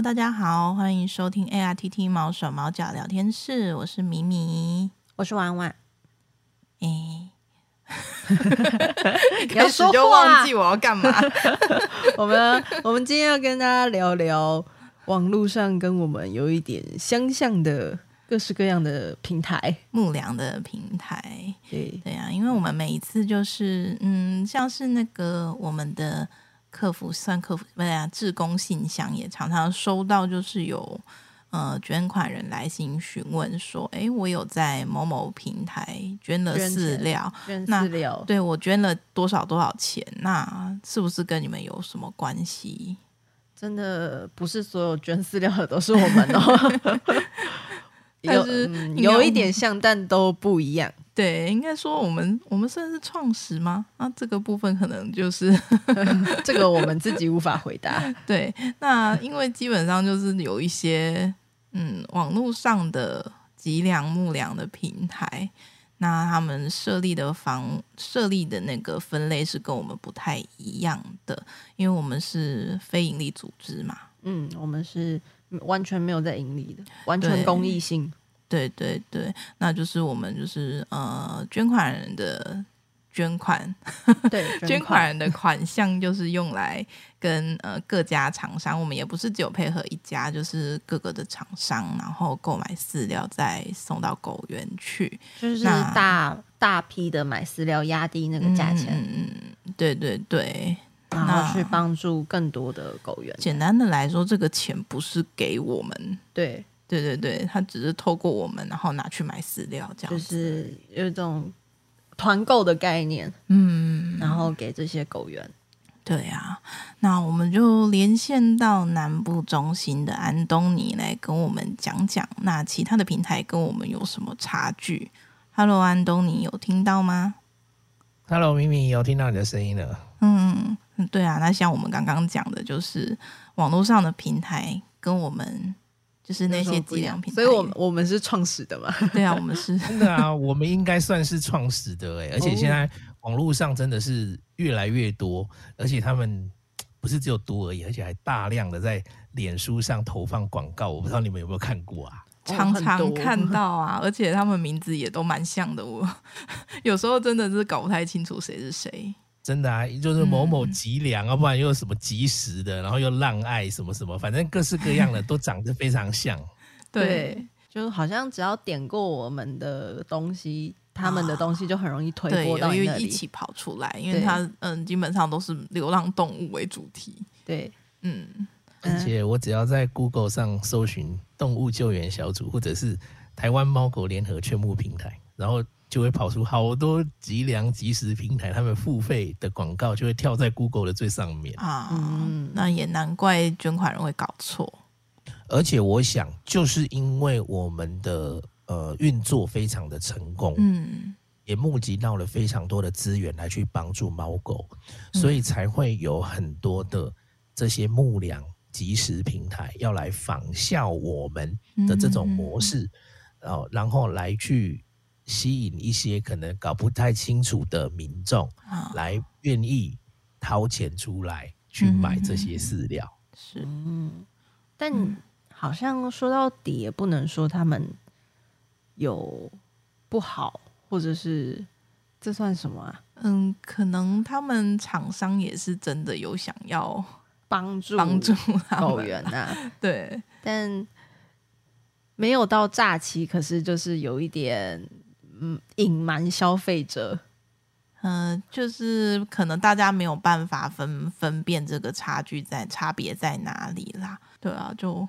大家好，歡迎收聽 ARTT 毛手毛腳聊天室，我是米米，我是玩玩。哎、欸，開始 就忘記我要幹嘛。 我們我們今天要跟大家聊聊網絡上跟我們有一點相像的各式各樣的平台，募糧的平台。對對呀、啊，因為我們每一次就是嗯，像是那個我們的。客服，算客服不對啊，志、哎、工信箱也常常收到，就是有呃捐款人來信詢問說：“誒，我有在某某平台捐了飼料，捐錢那捐飼料對我捐了多少多少錢？那是不是跟你們有什麼關係？真的不是所有捐飼料的都是我們哦， 是有、嗯、有一點像， 但都不一樣。”對，應該說我們我們算是創始嗎？那這個部分可能就是 這個我們自己無法回答。對，那因為基本上就是有一些嗯網絡上的集糧募糧的平台，那他們設立的房設立的那個分類是跟我們不太一樣的，因為我們是非營利組織嘛。嗯，我們是完全沒有在盈利的，完全公益性。對對對，那就是我們就是呃，捐款人的捐款，對，捐款，捐款人的款項就是用來跟呃各家廠商，我們也不是只有配合一家，就是各個的廠商，然後購買飼料再送到狗園去，就是大，那，大批的買飼料壓低那個價錢，嗯，對對對，然後去幫助更多的狗園，呃。簡單的來說，這個錢不是給我們，對。對對對，他只是透過我們，然後拿去買飼料，這樣就是有一種團購的概念，嗯，然後給這些狗園。對啊，那我們就連線到南部中心的安東尼來跟我們講講，那其他的平台跟我們有什麼差距？Hello，安東尼有聽到嗎？Hello，明明有聽到你的聲音了。嗯，對啊，那像我們剛剛講的，就是網絡上的平台跟我們。就是那些伎倆品，所以我，我我們是創始的嘛？對啊，我們是。 真的啊，我們應該算是創始的、欸、而且現在網絡上真的是越來越多，哦、而且他們不是只有多而已，而且還大量的在臉書上投放廣告。我不知道你們有沒有看過啊？哦、常常看到啊，而且他們名字也都蠻像的我，我 有時候真的是搞不太清楚誰是誰。真的啊，就是某某集糧，啊，嗯、不然又有什麼集食的，然後又浪愛什麼什麼，反正各式各樣的 都長得非常像。對，對就好像只要點過我們的東西，哦、他們的東西就很容易推播到那裡，因為一起跑出來，因為它對嗯，基本上都是流浪動物為主題。對，嗯。而且我只要在 Google 上搜尋動物救援小組，或者是台灣貓狗聯合勸募平台，然後。就會跑出好多集糧集食平台，他們付費的廣告就會跳在 Google 的最上面啊！嗯，那也難怪捐款人會搞錯。而且我想，就是因為我們的呃運作非常的成功，嗯，也募集到了非常多的資源來去幫助貓狗，嗯、所以才會有很多的這些募糧集食平台要來仿效我們的這種模式，然、嗯嗯嗯呃、然後來去。吸引一些可能搞不太清楚的民眾，來願意掏錢出來去買這些飼料、哦嗯。是，嗯、但、嗯、好像說到底也不能說他們有不好，或者是這算什麼、啊？嗯，可能他們廠商也是真的有想要幫助幫助他們啊。啊 對，但沒有到詐欺，可是就是有一點。嗯，隱瞞消費者，嗯、呃，就是可能大家沒有辦法分分辨這個差距在差別在哪裡啦。對啊，就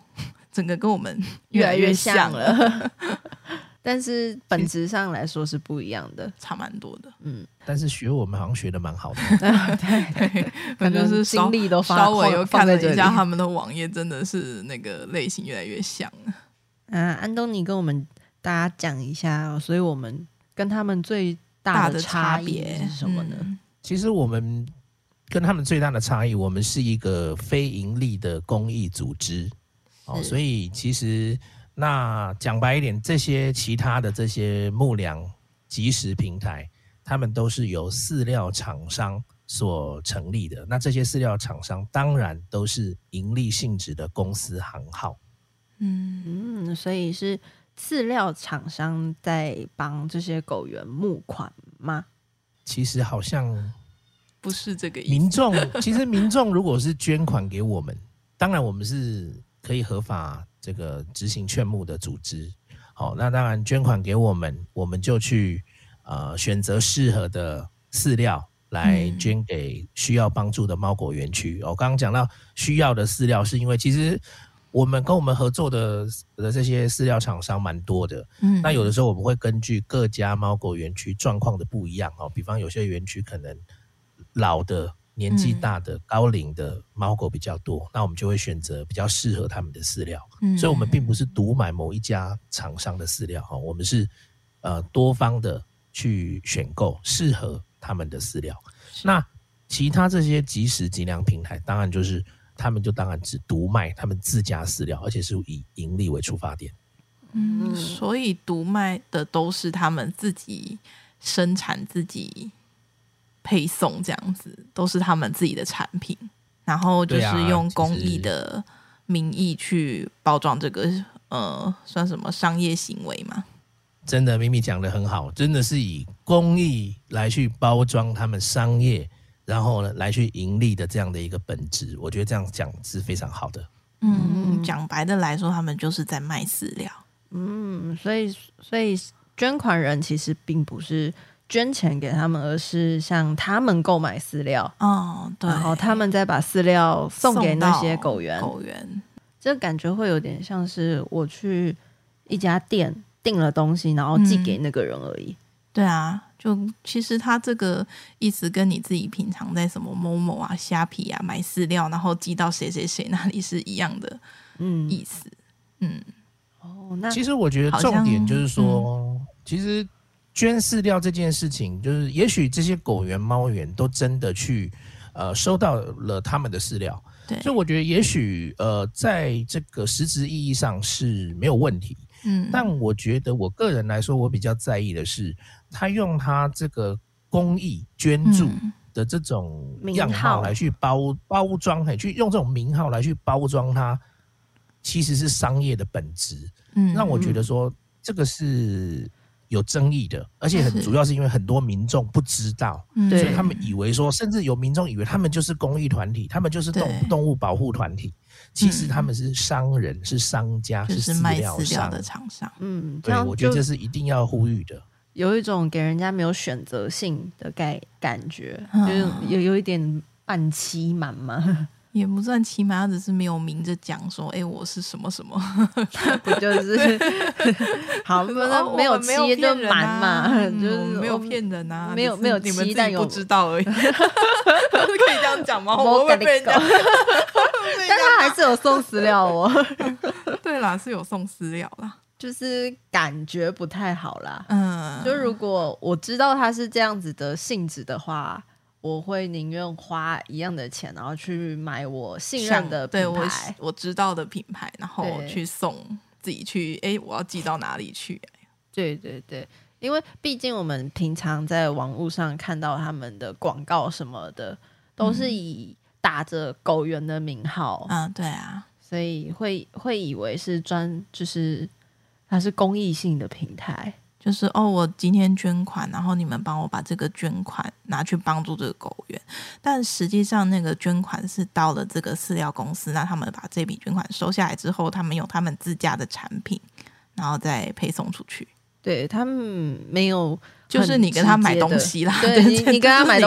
整個跟我們越來越像了，但是本質上來說是不一樣的，差蠻多的。嗯，但是學我們好像學的蠻好的， 對，對，對，反正 就是心力都稍微又在看了一下他們的網頁，真的是那個類型越來越像了。嗯、 啊，安東尼跟我們。大家講一下，所以我們跟他們最大的差別是什麼呢、嗯？其實我們跟他們最大的差異，我們是一個非盈利的公益組織，是哦，所以其實那講白一點，這些其他的這些木梁集食平台，他們都是由飼料廠商所成立的，那這些飼料廠商當然都是盈利性質的公司行號，嗯，所以是。飼料廠商在幫這些狗園募款嗎？其實好像不是這個意思。民眾其實民眾如果是捐款給我們， 當然我們是可以合法這個執行勸募的組織。好，那當然捐款給我們，我們就去呃選擇適合的飼料來捐給需要幫助的貓狗園區。我剛剛講到需要的飼料，是因為其實。我們跟我們合作的的這些飼料廠商蠻多的，嗯，那有的時候我們會根據各家貓狗園區狀況的不一樣哦，比方有些園區可能老的、年紀大的、嗯、高齡的貓狗比較多，那我們就會選擇比較適合他們的飼料，嗯，所以我們並不是獨買某一家廠商的飼料哈，我們是呃多方的去選購適合他們的飼料。是那其他這些集食助糧平台，當然就是。他們就當然只獨賣他們自家飼料，而且是以盈利為出發點。嗯，所以獨賣的都是他們自己生產、自己配送這樣子，都是他們自己的產品，然後就是用公益的名義去包裝這個，啊、呃，算什麼商業行為嘛？真的，咪咪講的很好，真的是以公益來去包裝他們商業。然後呢，來去盈利的這樣的一個本質，我覺得這樣講是非常好的。嗯，講白的來說，他們就是在賣飼料。嗯，所以所以捐款人其實並不是捐錢給他們，而是向他們購買飼料。哦，對。然後他們再把飼料送給那些狗園。狗園，這感覺會有點像是我去一家店訂了東西，然後寄給那個人而已。嗯、對啊。就其實他這個意思跟你自己平常在什麼某某啊蝦皮啊買飼料，然後寄到誰誰誰那裡是一樣的，嗯，意思，嗯，嗯哦，那其實我覺得重點就是說，嗯、其實捐飼料這件事情，就是也許這些狗園、貓園都真的去呃收到了他們的飼料，對所以我覺得也許呃在這個實質意義上是沒有問題。嗯，但我覺得我個人來說，我比較在意的是，他用他這個公益捐助的這種名號來去包包裝，哎，去用這種名號來去包裝它，其實是商業的本質。嗯，讓我覺得說這個是有爭議的，而且很主要是因為很多民眾不知道，所以他們以為說，甚至有民眾以為他們就是公益團體，他們就是動動物保護團體。其實他們是商人，是商家，是賣飼料的廠商。嗯，對，我覺得這是一定要呼籲的。有一種給人家沒有選擇性的感感覺，有有有一點半欺瞞嘛，也不算欺瞞，他只是沒有明着講說，哎，我是什麼什麼，不就是？好，沒有沒有騙人嘛，就是沒有騙人啊，沒有沒有，你們自己不知道而已。可以這樣講嗎？我會被人家。他還是有送飼料哦， 對啦，是有送飼料啦，就是感覺不太好啦。嗯，就如果我知道他是這樣子的性質的話，我會寧願花一樣的錢，然後去買我信任的品牌，對，我我知道的品牌，然後去送自己去。哎對、欸，我要寄到哪裡去，啊。對對對，因為畢竟我們平常在網絡上看到他們的廣告什麼的，都是以，嗯。打着狗園的名號，啊、嗯，對啊，所以會會以為是專，就是它是公益性的平台，就是哦，我今天捐款，然後你們幫我把這個捐款拿去幫助這個狗園，但實際上那個捐款是到了這個飼料公司，那他們把這筆捐款收下來之後，他們用他們自家的產品，然後再配送出去。對，他們沒有，就是你跟他買東西啦，對對你你跟他買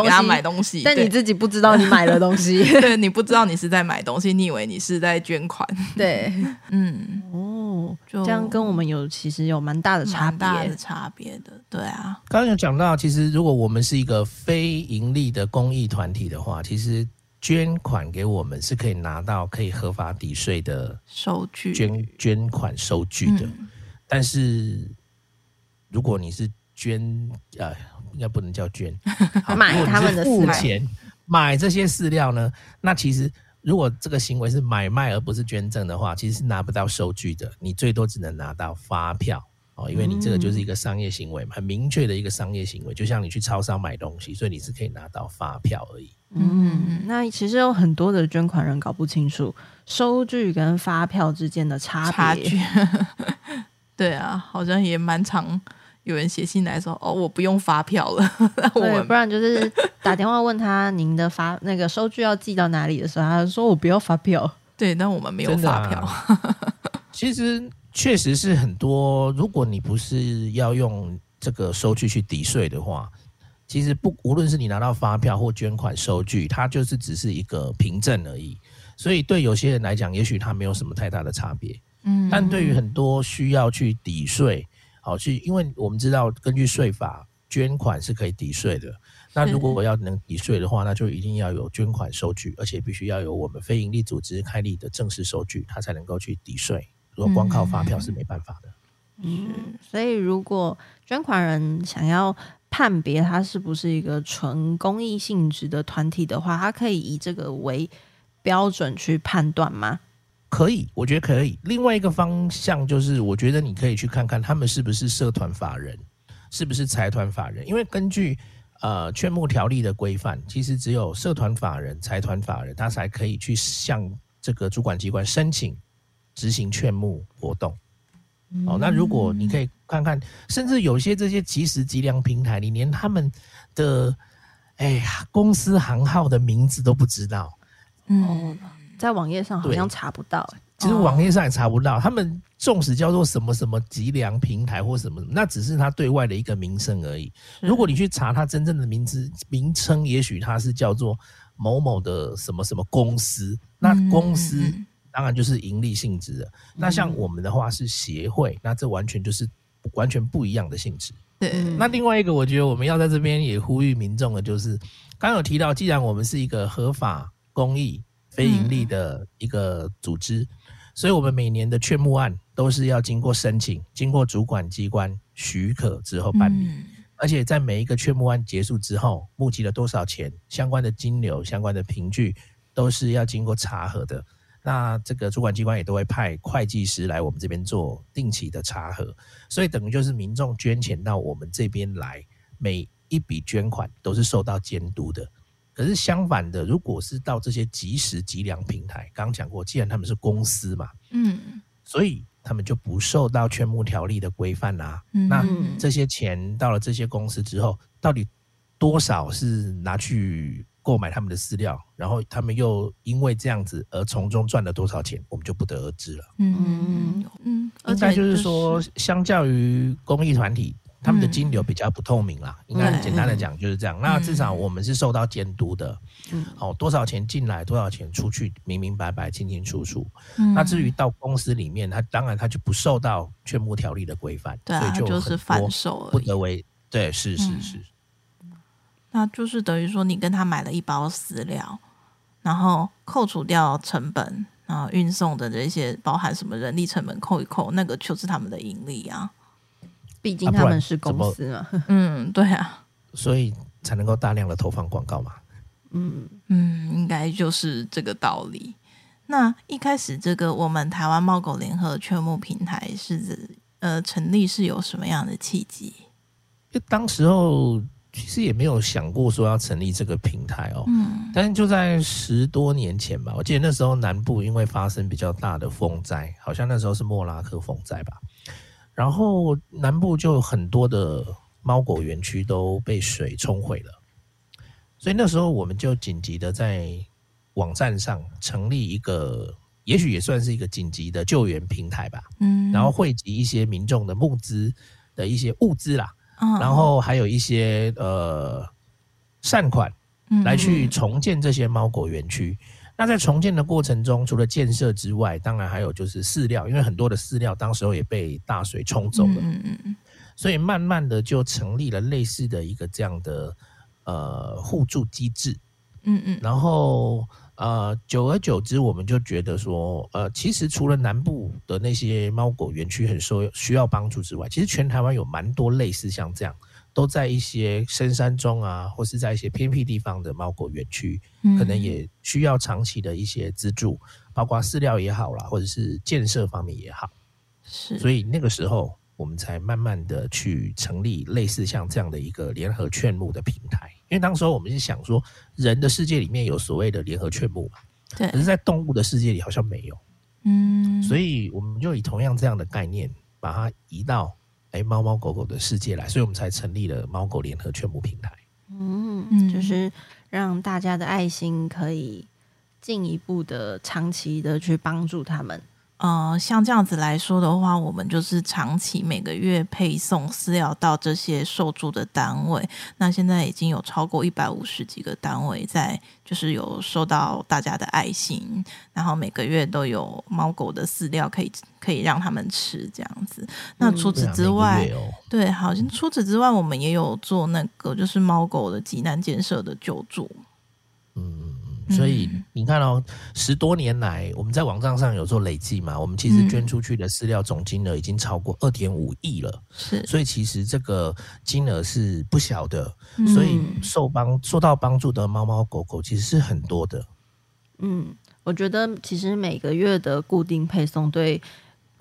東西，但你自己不知道你買了東西， 對，你不知道你是在買東西，你以為你是在捐款，對，嗯，哦，就這樣跟我們有其實有蠻大的差別的差別的，對啊。剛才有講到，其實如果我們是一個非盈利的公益團體的話，其實捐款給我們是可以拿到可以合法抵稅的收據，捐捐款收據的，嗯、但是。如果你是捐，呃，應該不能叫捐，買他們的飼料， 付錢買這些飼料呢？那其實，如果這個行為是買賣而不是捐贈的話，其實是拿不到收據的，你最多只能拿到發票哦、喔，因為你這個就是一個商業行為嘛，嗯、很明確的一個商業行為，就像你去超商買東西，所以你是可以拿到發票而已。嗯，那其實有很多的捐款人搞不清楚收據跟發票之間的差別。距察覺。 對啊，好像也蠻長。有人寫信來說：“哦，我不用發票了。然後我”對，不然就是打電話問他：“您的發 那個收據要寄到哪裡？”的時候，他說：“我不要發票。”對，那我們沒有發票。啊、 其實確實是很多，如果你不是要用這個收據去抵稅的話，其實不無論是你拿到發票或捐款收據，它就是只是一個憑證而已。所以對有些人來講，也許它沒有什麼太大的差別。嗯，但對於很多需要去抵稅。好，去。因為我們知道，根據稅法，捐款是可以抵稅的。那如果我要能抵稅的話，那就一定要有捐款收據，而且必須要有我們非營利組織開立的正式收據，它才能夠去抵稅。如果光靠發票是沒辦法的。嗯，是嗯，所以如果捐款人想要判別他是不是一個純公益性質的團體的話，他可以以這個為標準去判斷嗎？可以，我覺得可以。另外一個方向就是，我覺得你可以去看看他們是不是社團法人，是不是財團法人。因為根據呃勸募條例的規範，其實只有社團法人、財團法人，他才可以去向這個主管機關申請執行勸募活動。嗯、哦，那如果你可以看看，甚至有些這些集食助糧平台，你連他們的哎、欸、公司行號的名字都不知道。哦、嗯。在網頁上好像對查不到。欸，其實網頁上也查不到。哦、他們縱使叫做什麼什麼集糧平台或什麼什麼，那只是他對外的一個名稱而已。是如果你去查他真正的名字名稱，也許他是叫做某某的什麼什麼公司，嗯、那公司當然就是營利性質的。嗯、那像我們的話是協會，那這完全就是完全不一樣的性質。對、嗯。那另外一個，我覺得我們要在這邊也呼籲民眾的，就是剛有提到，既然我們是一個合法公益。非營利的一個組織，所以我們每年的勸募案都是要經過申請、經過主管機關許可之後辦理，而且在每一個勸募案結束之後，募集了多少錢、相關的金流、相關的憑據，都是要經過查核的。那這個主管機關也都會派會計師來我們這邊做定期的查核，所以等於就是民眾捐錢到我們這邊來，每一筆捐款都是受到監督的。可是相反的，如果是到這些集食集糧平台，剛剛講過，既然他們是公司嘛，嗯，所以他們就不受到《勸募條例》的規範啊。嗯嗯，那這些錢到了這些公司之後，到底多少是拿去購買他們的飼料，然後他們又因為這樣子而從中賺了多少錢，我們就不得而知了。嗯嗯嗯，嗯嗯就是、就是說，相較於公益團體。他們的金流比較不透明啦，嗯、應該簡單的講就是這樣。對那至少我們是受到監督的，好、嗯哦，多少錢進來，多少錢出去，明明白白，清清楚楚。嗯、那至於到公司裡面，他當然他就不受到《勸募條例》的規範，所以就是反手而已，不得為。是對，是是是。嗯、那就是等於說，你跟他買了一包飼料，然後扣除掉成本，然後運送的這些，包含什麼人力成本，扣一扣，那個就是他們的盈利啊。畢竟他們是公司嘛，啊、嗯，對啊， 所以才能夠大量的投放廣告嘛，嗯嗯，應該就是這個道理。那一開始這個我們台灣貓狗聯合勸募平台是指呃成立是有什麼樣的契機？就當時候其實也沒有想過說要成立這個平台哦，嗯，但是就在十多年前吧，我記得那時候南部因為發生比較大的風災，好像那時候是莫拉克風災吧。然後南部就很多的貓狗園區都被水沖毀了，所以那時候我們就緊急的在網站上成立一個，也許也算是一個緊急的救援平台吧。嗯，然後匯集一些民眾的募資的一些物資啦，然後還有一些呃善款，嗯，來去重建這些貓狗園區。他在重建的過程中，除了建設之外，當然還有就是飼料，因為很多的飼料當時候也被大水沖走了。嗯嗯嗯，所以慢慢的就成立了類似的一個這樣的呃互助機製。嗯嗯，然後呃，久而久之，我們就覺得說，呃，其實除了南部的那些貓狗園區很受需要幫助之外，其實全台灣有蠻多類似像這樣。都在一些深山中啊，或是在一些偏僻地方的貓狗園區，嗯、可能也需要長期的一些資助，包括飼料也好啦，或者是建設方面也好。是，所以那個時候我們才慢慢的去成立類似像這樣的一個聯合勸募的平台，因為當時候我們是想說，人的世界裡面有所謂的聯合勸募嘛，對，可是在動物的世界裡好像沒有，嗯，所以我們就以同樣這樣的概念把它移到。哎，貓貓狗狗的世界來，所以我們才成立了貓狗聯合勸募平台。嗯，就是讓大家的愛心可以進一步的、長期的去幫助他們。呃，像這樣子來說的話，我們就是長期每個月配送飼料到這些受助的單位。那現在已經有超過一百五十幾個單位在，就是有收到大家的愛心，然後每個月都有貓狗的飼料可以可以讓他們吃這樣子。嗯、那除此之外，對，好像除此之外，我們也有做那個就是貓狗的急難建設的救助。嗯。所以你看哦，十多年來我們在網站上有做累計嘛，我們其實捐出去的飼料總金額已經超過二點五億了。是，所以其實這個金額是不小的，所以受幫受到幫助的貓貓狗狗其實是很多的。嗯，我覺得其實每個月的固定配送對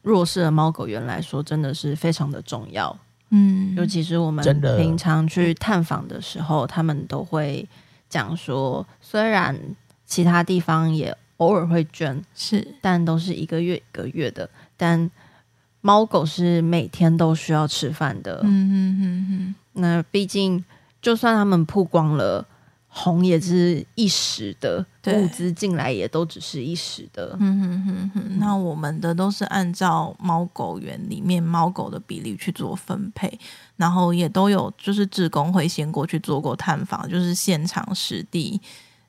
弱勢的貓狗園來說真的是非常的重要。嗯，尤其是我們平常去探訪的時候，他們都會。講說，雖然其他地方也偶爾會捐，是，但都是一個月一個月的。但貓狗是每天都需要吃飯的，嗯哼哼哼。那畢竟，就算他們曝光了，紅也是一時的對物資進來也都只是一時的，嗯哼哼哼。那我們的都是按照貓狗園裡面貓狗的比例去做分配，然後也都有就是志工會先過去做過探訪，就是現場實地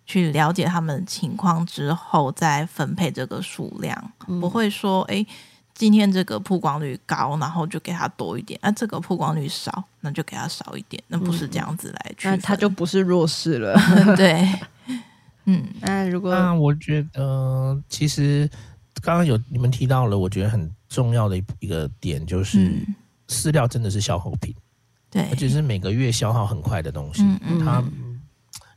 去了解他們情況之後再分配這個數量，嗯、不會說哎。欸今天這個曝光率高，然後就給他多一點；那、啊、這個曝光率少，那就給他少一點。那不是這樣子來去、嗯，那他就不是弱勢了。 對，嗯，那、啊、如果那我覺得，呃、其實剛剛有你們提到了，我覺得很重要的一個點就是，飼、嗯、料真的是消耗品，對，而且是每個月消耗很快的東西，嗯嗯它，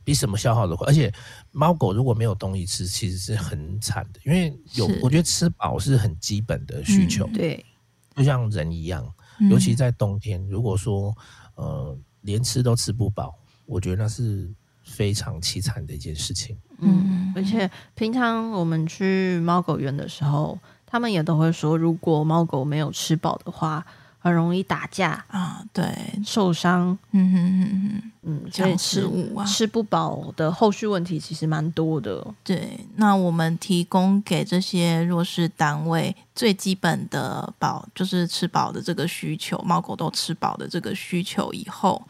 比什麼消耗都快，而且貓狗如果沒有東西吃，其實是很慘的。因為有，是我覺得吃飽是很基本的需求。嗯、對，就像人一樣，尤其在冬天，嗯、如果說呃連吃都吃不飽，我覺得那是非常淒慘的一件事情。嗯，而且平常我們去貓狗園的時候，他們也都會說，如果貓狗沒有吃飽的話。很容易打架啊，對，受傷，嗯嗯嗯嗯，嗯吃，所以食物啊，吃不飽的後續問題其實蠻多的。對，那我們提供給這些弱勢單位最基本的保，就是吃飽的這個需求，貓狗都吃飽的這個需求以後。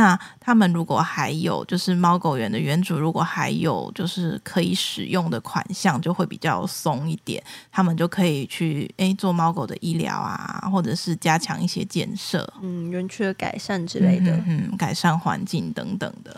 那他們如果還有，就是貓狗園的園主如果還有，就是可以使用的款項，就會比較鬆一點，他們就可以去誒、欸、做貓狗的醫療啊，或者是加強一些建設，嗯，園區的改善之類的，嗯，嗯，改善環境等等的，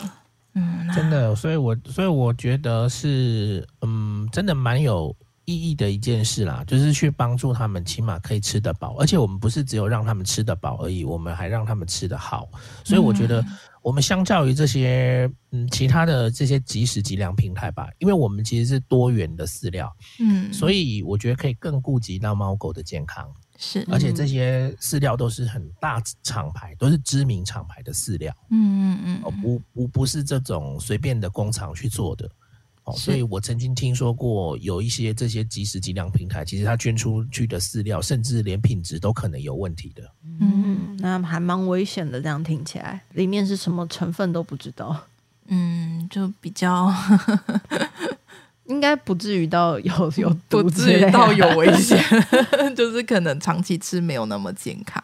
嗯，真的，所以我所以我覺得是，嗯，真的蠻有。意義的一件事啦，就是去幫助他們，起碼可以吃得飽。而且我們不是只有讓他們吃得飽而已，我們還讓他們吃得好。所以我覺得，我們相較於這些嗯其他的這些集食助糧平台吧，因為我們其實是多元的飼料，嗯，所以我覺得可以更顧及到貓狗的健康。是，嗯、而且這些飼料都是很大廠牌，都是知名廠牌的飼料。嗯嗯嗯，嗯哦、不不不是這種隨便的工廠去做的。哦，所以我曾經聽說過有一些這些集食助糧平台，其實它捐出去的飼料，甚至連品質都可能有問題的。嗯，那還蠻危險的。這樣聽起來，裡面是什麼成分都不知道。嗯，就比較 應該不至於到有有毒，不至於到有危險， 就是可能長期吃沒有那麼健康。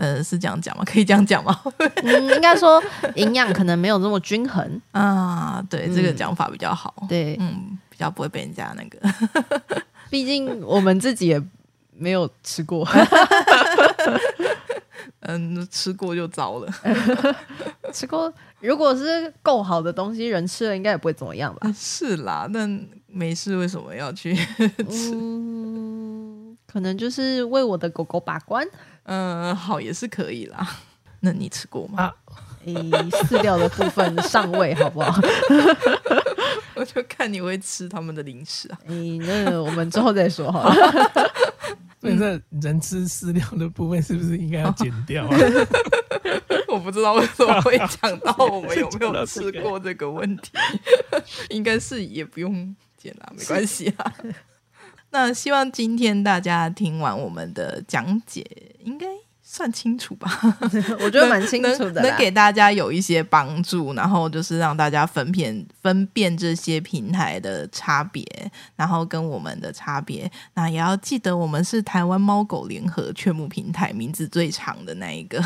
呃，是這樣講嗎？可以這樣講嗎？ 嗯、應該說營養可能沒有這麼均衡 啊。對，這個講法比較好。嗯、對，嗯，比較不會被人家那個。畢 竟我們自己也沒有吃過。 嗯，吃過就糟了。 嗯、吃過，如果是夠好的東西，人吃了應該也不會怎麼樣吧？是啦，那沒事，為什麼要去吃？嗯可能就是為我的狗狗把關，嗯、呃，好也是可以啦。那你吃過嗎？你飼、啊欸、料的部分上位好不好？ 我就看你會吃他們的零食啊。你、欸、那我們之後再說好了。所以這人吃飼料的部分是不是應該要剪掉？啊？ 我不知道為什麼會講到我們有沒有吃過這個問題。 應該是也不用剪啦，沒關係啊。那希望今天大家聽完我們的講解，應該算清楚吧？ 能 我覺得蠻清楚的能，能給大家有一些幫助，然後就是讓大家分辨、分辨這些平台的差別，然後跟我們的差別。那也要記得，我們是台灣貓狗聯合勸募平台，名字最長的那一個。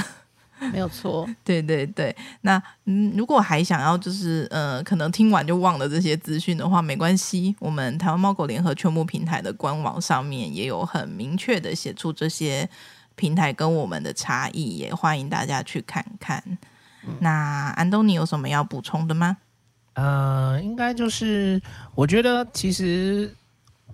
沒有錯，對對對。那嗯，如果還想要就是呃，可能聽完就忘了這些資訊的話，沒關係。我們台灣貓狗聯合全部平台的官網上面也有很明確的寫出這些平台跟我們的差異，也歡迎大家去看看。嗯、那安東尼有什麼要補充的嗎？呃，應該就是我覺得其實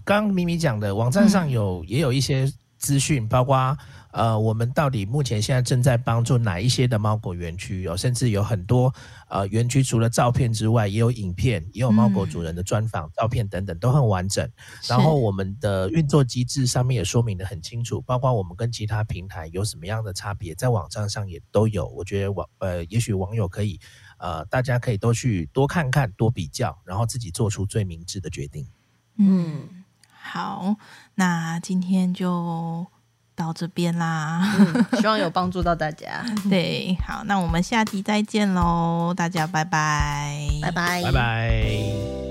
剛剛咪咪講的網站上有、嗯、也有一些。資訊包括，呃，我們到底目前現在正在幫助哪一些的貓狗園區？有甚至有很多，呃，園區除了照片之外，也有影片，也有貓狗主人的專訪、嗯、照片等等，都很完整。然後我們的運作機制上面也說明得很清楚，是包括我們跟其他平台有什麼樣的差別，在網站上也都有。我覺得網，呃，也許網友可以，呃，大家可以都去多看看、多比較，然後自己做出最明智的決定。嗯。好，那今天就到這邊啦，嗯。希望有幫助到大家。 對，好，那我們下期再見嘍，大家拜拜，拜拜，拜拜。